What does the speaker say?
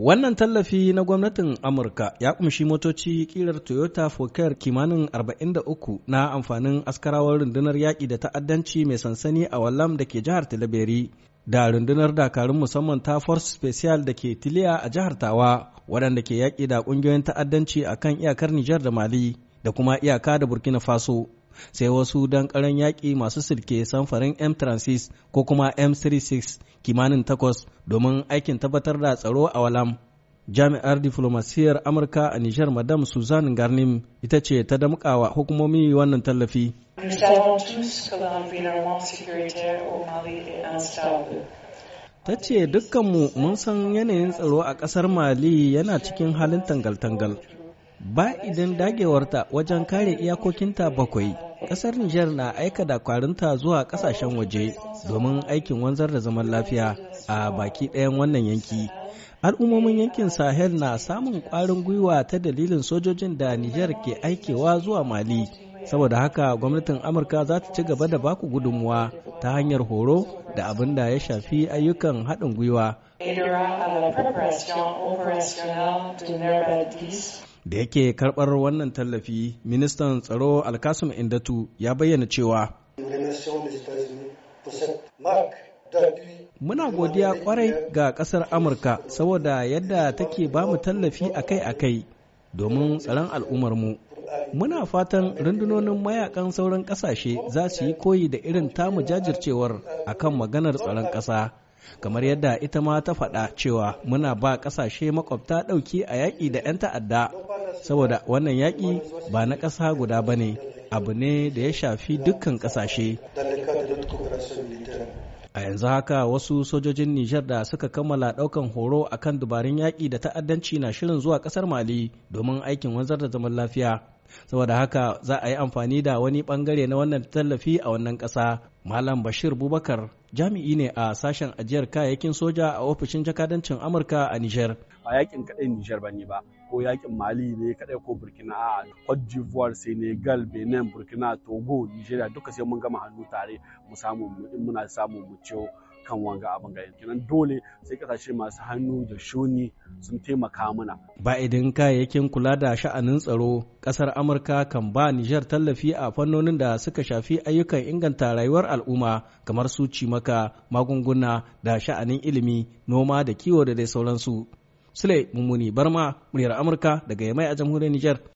Wannan tallafi na gwamnatin Amurka ya kumshi motoci kirar Toyota Fokker kimanin 43 na amfanin askarawar rundunar yaƙi da ta'addanci mai sansani a Wallam da ke jihar Tilaberi da rundunar dakarun musamman ta Force Special da ke Tiliya a jihar Tawa waɗanda ke yaƙi da ƙungiyoyin ta'addanci a kan iyakar Nijar da Mali da kuma iyaka da Burkina Faso. sai wasu karan yaƙi masu silke samfarin M36 ko kuma M36 kimanin takwas domin aikin tabbatar da tsaro a Walam. Jami'ar diflomasiyyar Amurka a Nijar Madam Suzanne Garnim ita ce ta damƙawa hukumomi wannan tallafi. ta ce dukkanmu mun san yanayin tsaro a ƙasar mali yana cikin halin tangal-tangal ba idan dagewarta wajen kare iyakokinta bakwai Ƙasar Nijar na aika da kwarinta zuwa ƙasashen waje domin aikin wanzar da zaman lafiya a baki ɗayan wannan yanki. Al'ummomin yankin Sahel na samun kwarin gwiwa ta dalilin sojojin da Nijar ke aikewa zuwa Mali. Saboda haka gwamnatin Amurka za ta ci gaba da baku gudunmuwa ta hanyar horo da abin da ya shafi ayyukan haɗin gwiwa. da yake karɓar wannan tallafi ministan tsaro alkasum indatu ya bayyana cewa Muna godiya kwarai ga ƙasar Amurka saboda yadda take ba mu tallafi akai-akai domin tsaron al'ummarmu. Muna fatan rundunonin mayakan sauran ƙasashe za su yi koyi da irin tamu jajircewar kan maganar tsaron ƙasa. Kamar yadda ita ma ta faɗa cewa muna ba ƙasashe makwabta ɗauki a yaƙi da 'yan ta'adda. saboda wannan yaƙi ba na ƙasa guda ba ne abu ne da ya shafi dukkan ƙasashe a yanzu haka wasu sojojin nijar da suka kammala ɗaukan horo akan dubarun yaƙi da ta'addanci na shirin zuwa ƙasar mali domin aikin wanzar da zaman lafiya saboda haka za a yi amfani da wani bangare na wannan tallafi a wannan ƙasa malam bashir bubakar jami'i ne a sashen ajiyar kayayyakin soja a ofishin jakadancin amurka a niger. ba yakin kadai niger bane ba ko yakin mali ne kadai ko burkina a cote d'ivoire senegal benin burkina togo nigeria duka sai mun gama hannu tare mu samu muna samu mu ciwo kan wanga abin ga kenan dole sai kasashe masu hannu da shuni sun taimaka mana ba idan kayayyakin kula da sha'anin tsaro kasar amurka kan ba nijar tallafi a fannonin da suka shafi ayyukan inganta rayuwar al'umma kamar su cimaka magunguna da sha'anin ilimi noma da kiwo da dai sauransu sule mummuni barma muryar amurka daga yamai a jamhuriyar nijar